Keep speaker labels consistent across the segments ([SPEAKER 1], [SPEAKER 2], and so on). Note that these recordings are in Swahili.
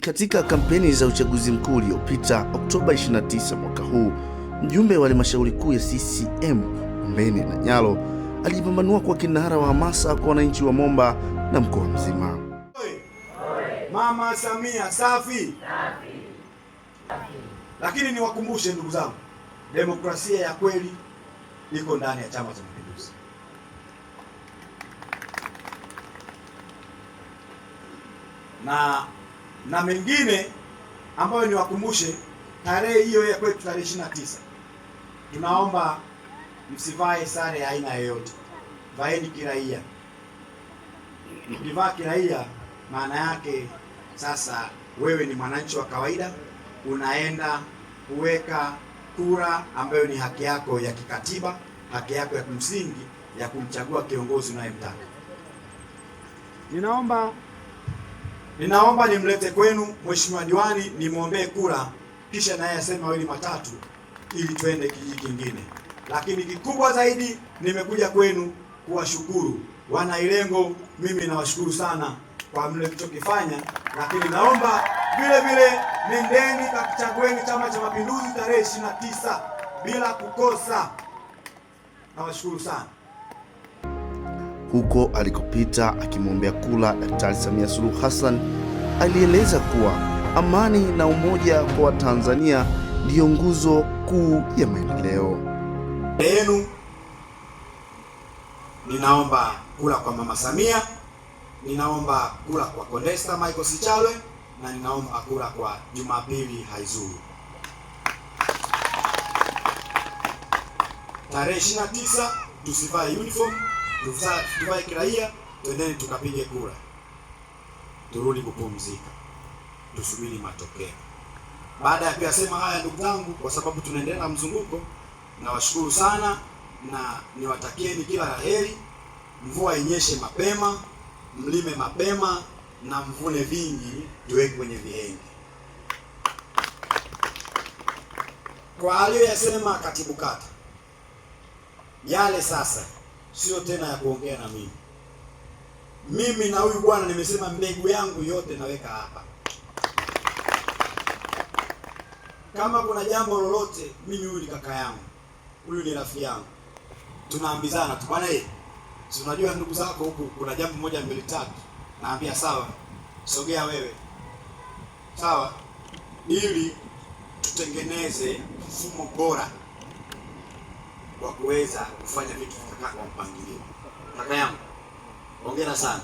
[SPEAKER 1] Katika kampeni za uchaguzi mkuu uliopita Oktoba 29 mwaka huu, mjumbe wa halmashauri kuu ya CCM Mbene nyalo alijipambanua kwa kinara wa hamasa kwa wananchi wa Momba na mkoa mzima.
[SPEAKER 2] Mama Samia safi. Lakini niwakumbushe ndugu zangu, demokrasia ya kweli iko ndani ya Chama cha Mapinduzi. Na na mengine ambayo niwakumbushe, tarehe hiyo ya kwetu tarehe 29 tunaomba msivae sare ya aina yoyote, vaeni kiraia. Ukivaa kiraia, maana yake sasa wewe ni mwananchi wa kawaida, unaenda kuweka kura ambayo ni haki yako ya kikatiba, haki yako ya kimsingi ya kumchagua kiongozi unayemtaka. Ninaomba Ninaomba nimlete kwenu mheshimiwa diwani, nimwombee kura, kisha naye aseme mawili matatu ili twende kijiji kingine. Lakini kikubwa zaidi, nimekuja kwenu kuwashukuru wana Ilengo. Mimi nawashukuru sana kwa mlichokifanya, lakini naomba vile vile nendeni kakichagueni Chama cha Mapinduzi tarehe 29 bila kukosa. Nawashukuru sana.
[SPEAKER 1] Huko alikopita akimwombea kula Daktari Samia Suluhu Hassan alieleza kuwa amani na umoja kwa Watanzania ndiyo nguzo kuu ya maendeleo
[SPEAKER 2] yenu. Ninaomba kula kwa Mama Samia, ninaomba kula kwa kondesta Michael Sichalwe na ninaomba kula kwa Jumapili Haizuri Tarehe 29 tusivae uniform tuvae kiraia, twendeni tukapige kura, turudi kupumzika, tusubiri matokeo. Baada ya kuyasema haya, ndugu zangu, kwa sababu tunaendelea na mzunguko, nawashukuru sana na niwatakieni kila la heri. Mvua inyeshe mapema, mlime mapema na mvune vingi, tuweke kwenye vihenge. Kwa aliyoyasema katibu kata yale sasa sio tena ya kuongea na mimi. Mimi na huyu bwana nimesema mbegu yangu yote naweka hapa. Kama kuna jambo lolote, mimi huyu ni kaka yangu, huyu ni rafiki yangu, tunaambizana tu bwana, eh, si unajua ndugu zako huku kuna jambo moja mbili tatu, naambia sawa, sogea wewe, sawa, ili tutengeneze mfumo bora wa kuweza kufanya vitu vikakaa kwa mpangilio. Kaka yangu, hongera sana,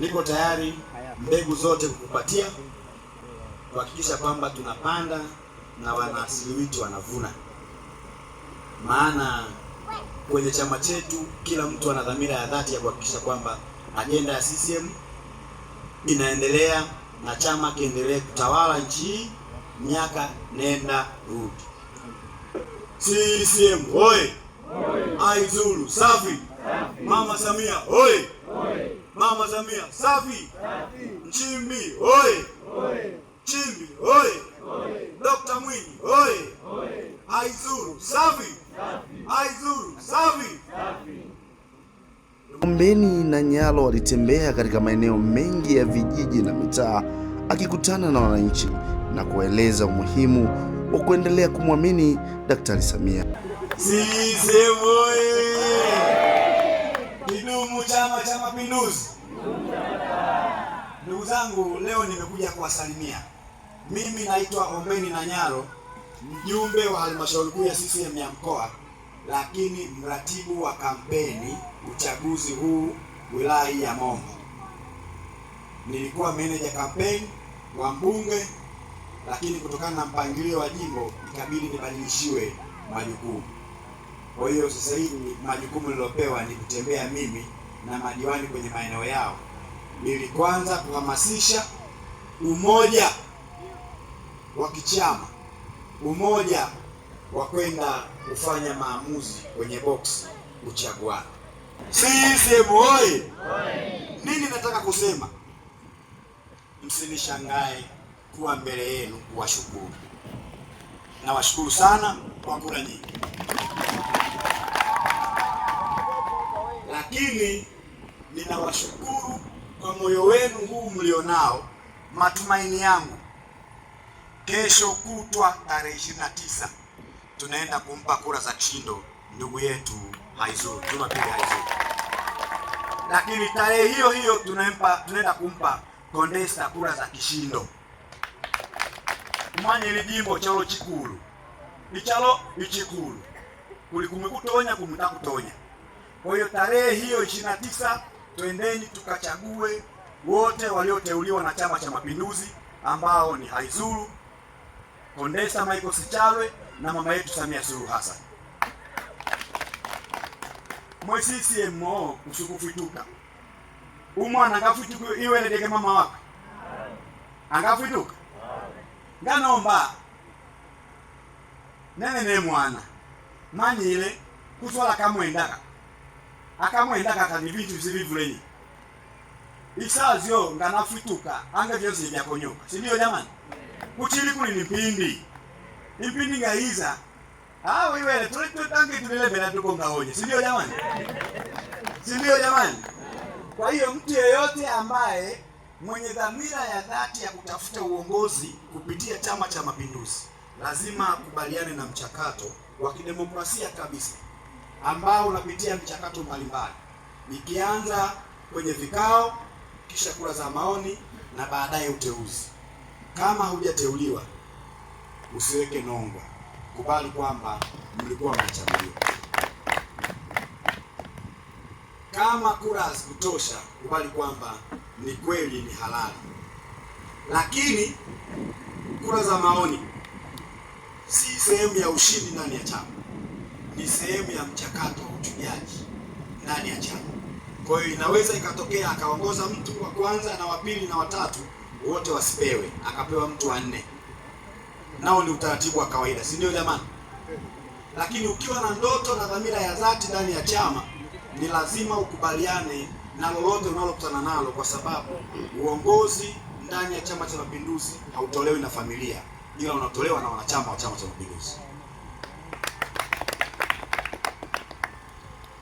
[SPEAKER 2] niko tayari mbegu zote kukupatia kuhakikisha kwamba tunapanda na wanaasiliwiti wanavuna, maana kwenye chama chetu kila mtu ana dhamira ya dhati ya kuhakikisha kwamba ajenda ya CCM inaendelea na chama kiendelee kutawala nchi hii miaka nenda rudi. CCM oye! Aizulu safi! Mama Samia oye! Mama Samia safi! Nchimbi oye! Nchimbi oye! Dr. Mwinyi oye! Aizulu safi! Aizulu safi!
[SPEAKER 1] Ombeni na Nyalo alitembea katika maeneo mengi ya vijiji na mitaa akikutana na wananchi na kueleza umuhimu wa kuendelea kumwamini Daktari Samia.
[SPEAKER 2] CCM Kidumu Chama cha Mapinduzi! Ndugu zangu, leo nimekuja kuwasalimia. Mimi naitwa Ombeni Nanyaro, mjumbe wa halmashauri kuu ya CCM ya mkoa, lakini mratibu wa kampeni uchaguzi huu wilaya ya Mombo. Nilikuwa meneja kampeni wa mbunge lakini kutokana na mpangilio wa jimbo ikabidi nibadilishiwe majukumu. Kwa hiyo sasa hivi majukumu nilopewa ni kutembea mimi na madiwani kwenye maeneo yao, ili kwanza kuhamasisha umoja wa kichama, umoja wa kwenda kufanya maamuzi kwenye boksi uchaguana. CCM oyee! Nini nataka kusema? Msinishangae kuwa mbele yenu kuwashukuru. Nawashukuru sana kwa kura nyingi, lakini ninawashukuru kwa moyo wenu huu mlionao. Matumaini yangu kesho kutwa, tarehe 29 tunaenda kumpa kura za kishindo ndugu yetu Haizuru Jumapili Haizuru, lakini tarehe hiyo hiyo tunaenda kumpa Kondesta kura za kishindo umanye ili jimbo chalo chikulu ichalo ichikulu kulikumekutonya kumuta kutonya. Kwa hiyo tarehe hiyo 29 tisa twendeni tukachague wote walioteuliwa na Chama cha Mapinduzi ambao ni Haizuru Kondesa Michael Sichalwe na mama yetu Samia Suluhu Hassan. mwe CCM usukufituka umwana iwe iweleleke mama wako angafutuka nganomba nenene mwana manyile kutwala kamwendaka akamwendaka kali vitu zilivulei isazyo nganafituka anga vyonse vyakonyoka sindio jamani kuchili kuli ni mpindi impindi ngaiza awiwele ah, tulitange tulilebela tuko ngaoje sindio jamani sindio jamani kwa hiyo mtu yeyote ambaye mwenye dhamira ya dhati ya kutafuta uongozi kupitia Chama cha Mapinduzi lazima akubaliane na mchakato wa kidemokrasia kabisa ambao unapitia mchakato mbalimbali, nikianza kwenye vikao, kisha kura za maoni na baadaye uteuzi. Kama hujateuliwa usiweke nongwa, kubali kwamba mlikuwa mnachaguliwa. Kama kura hazikutosha, kubali kwamba ni kweli ni halali, lakini kura za maoni si sehemu ya ushindi ndani ya chama, ni sehemu ya mchakato wa uchujaji ndani ya chama. Kwa hiyo inaweza ikatokea akaongoza mtu wa kwanza na wa pili na watatu wote wasipewe, akapewa mtu wa nne. Nao ni utaratibu wa kawaida, si ndio jamani? Lakini ukiwa na ndoto na dhamira ya dhati ndani ya chama, ni lazima ukubaliane na lolote unalokutana nalo, kwa sababu uongozi ndani ya Chama cha Mapinduzi hautolewi na familia, ila unatolewa na wanachama wa Chama cha Mapinduzi.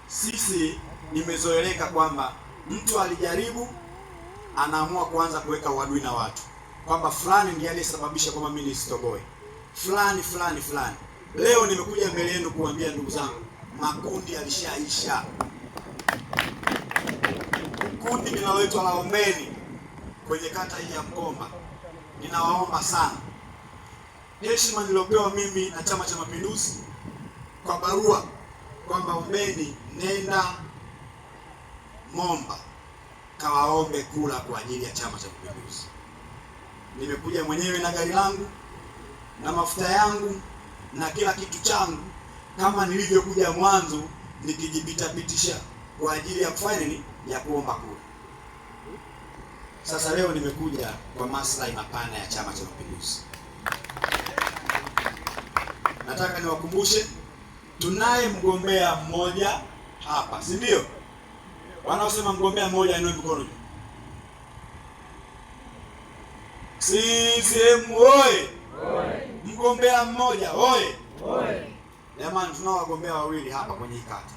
[SPEAKER 2] Sisi nimezoeleka kwamba mtu alijaribu, anaamua kuanza kuweka uadui na watu kwamba fulani ndiye aliyesababisha kwamba mimi nisitoboe fulani fulani fulani. Leo nimekuja mbele yenu kuambia ndugu zangu, makundi yalishaisha kundi linaloitwa la Ombeni kwenye kata hii ya Mgomba, ninawaomba sana, heshima niliyopewa mimi na Chama cha Mapinduzi kwa barua kwamba Ombeni, nenda Momba kawaombe kula kwa ajili ya Chama cha Mapinduzi. Nimekuja mwenyewe na gari langu na mafuta yangu na kila kitu changu, kama nilivyokuja mwanzo nikijipitapitisha kwa ajili ya kufanya nini? Ya kuomba kura. Sasa leo nimekuja kwa maslahi mapana ya Chama cha Mapinduzi. Nataka niwakumbushe tunaye mgombea mmoja hapa, si ndio? Wanaosema mgombea mmoja ainue mkono juu. CCM oye! Mgombea mmoja oye! Jamani, tunao wagombea wawili hapa kwenye kata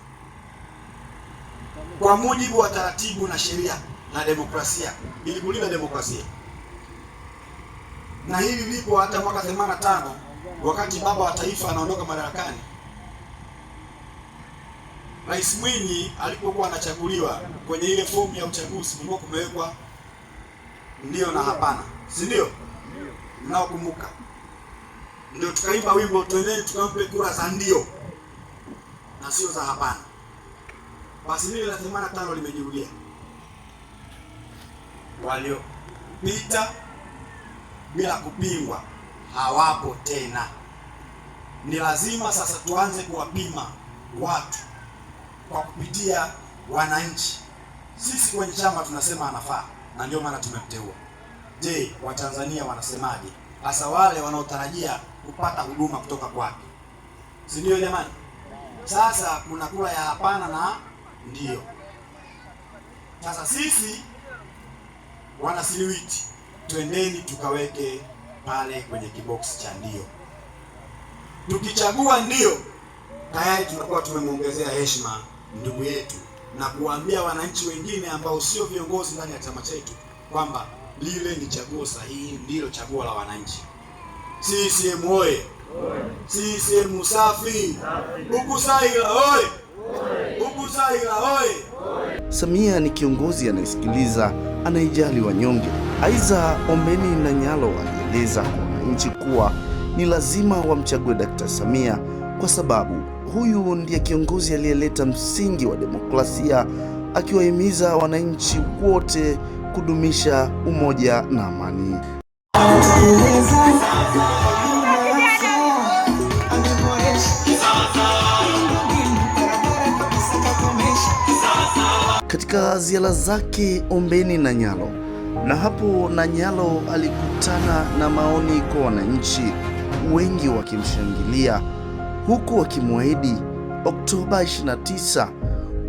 [SPEAKER 2] kwa mujibu wa taratibu na sheria na demokrasia, ili kulinda demokrasia. Na hivi vipo hata mwaka 85 wakati baba wa taifa anaondoka madarakani, Rais Mwinyi alipokuwa anachaguliwa, kwenye ile fomu ya uchaguzi kulikuwa kumewekwa ndio na hapana, si ndio? Mnaokumbuka, ndio tukaimba wimbo, twendeni tukampe kura za ndio na sio za hapana basi lile la themanini na tano limejirudia. Waliopita bila kupingwa hawapo tena. Ni lazima sasa tuanze kuwapima watu kwa kupitia wananchi. Sisi kwenye chama tunasema anafaa, na ndio maana tumemteua. Je, Watanzania wanasemaje? Hasa wale wanaotarajia kupata huduma kutoka kwake, si ndio jamani? Sasa kuna kura ya hapana na Ndiyo. Sasa sisi wana Siliwiti, twendeni tukaweke pale kwenye kiboksi cha ndio. Tukichagua ndio, tayari tunakuwa tumemwongezea heshima ndugu yetu na kuwaambia wananchi wengine ambao sio viongozi ndani ya chama chetu kwamba lile ni chaguo sahihi, ndilo chaguo la wananchi. CCM oye! CCM safi! Bukusaila oye!
[SPEAKER 1] Samia ni kiongozi anayesikiliza, anayejali wanyonge. Aidha, Ombeni na nyalo alieleza kwa wananchi kuwa ni lazima wamchague Dakta Samia kwa sababu huyu ndiye kiongozi aliyeleta msingi wa demokrasia, akiwahimiza wananchi wote kudumisha umoja na amani. katika ziara zake Ombeni na Nyalo, na hapo na Nyalo alikutana na maoni kwa wananchi wengi wakimshangilia, huku wakimwahidi Oktoba 29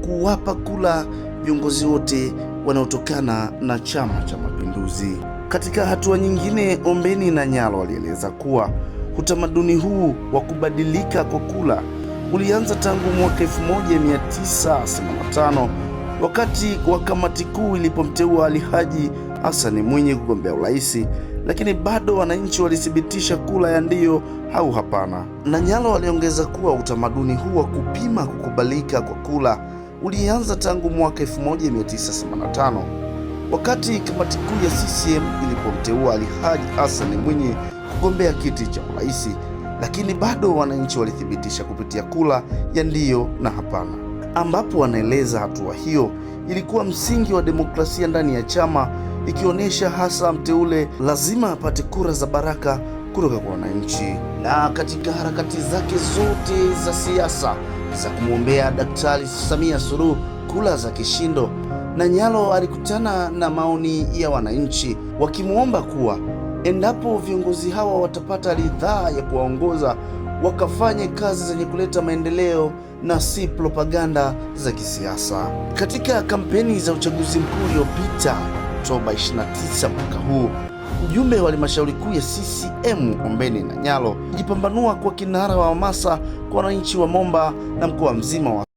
[SPEAKER 1] kuwapa kula viongozi wote wanaotokana na Chama cha Mapinduzi. Katika hatua nyingine, Ombeni na Nyalo alieleza kuwa utamaduni huu wa kubadilika kwa kula ulianza tangu mwaka 1985 wakati wa kamati kuu ilipomteua Alhaji Hassan Mwinyi kugombea urais, lakini bado wananchi walithibitisha kura ya ndio au hapana. na nyalo aliongeza kuwa utamaduni huu wa kupima kukubalika kwa kura ulianza tangu mwaka 1985 wakati kamati kuu ya CCM ilipomteua Alhaji Hassan Mwinyi kugombea kiti cha urais, lakini bado wananchi walithibitisha kupitia kura ya ndiyo na hapana ambapo wanaeleza hatua hiyo ilikuwa msingi wa demokrasia ndani ya chama, ikionyesha hasa mteule lazima apate kura za baraka kutoka kwa wananchi. Na katika harakati zake zote za siasa za kumwombea Daktari Samia Suluhu kula za kishindo, na nyalo alikutana na maoni ya wananchi wakimwomba kuwa endapo viongozi hawa watapata ridhaa ya kuwaongoza wakafanye kazi zenye kuleta maendeleo na si propaganda za kisiasa. Katika kampeni za uchaguzi mkuu uliopita Oktoba 29 mwaka huu, mjumbe wa halmashauri kuu ya CCM Ombeni nyalo jipambanua kwa kinara wa hamasa kwa wananchi wa Momba na mkoa mzima wa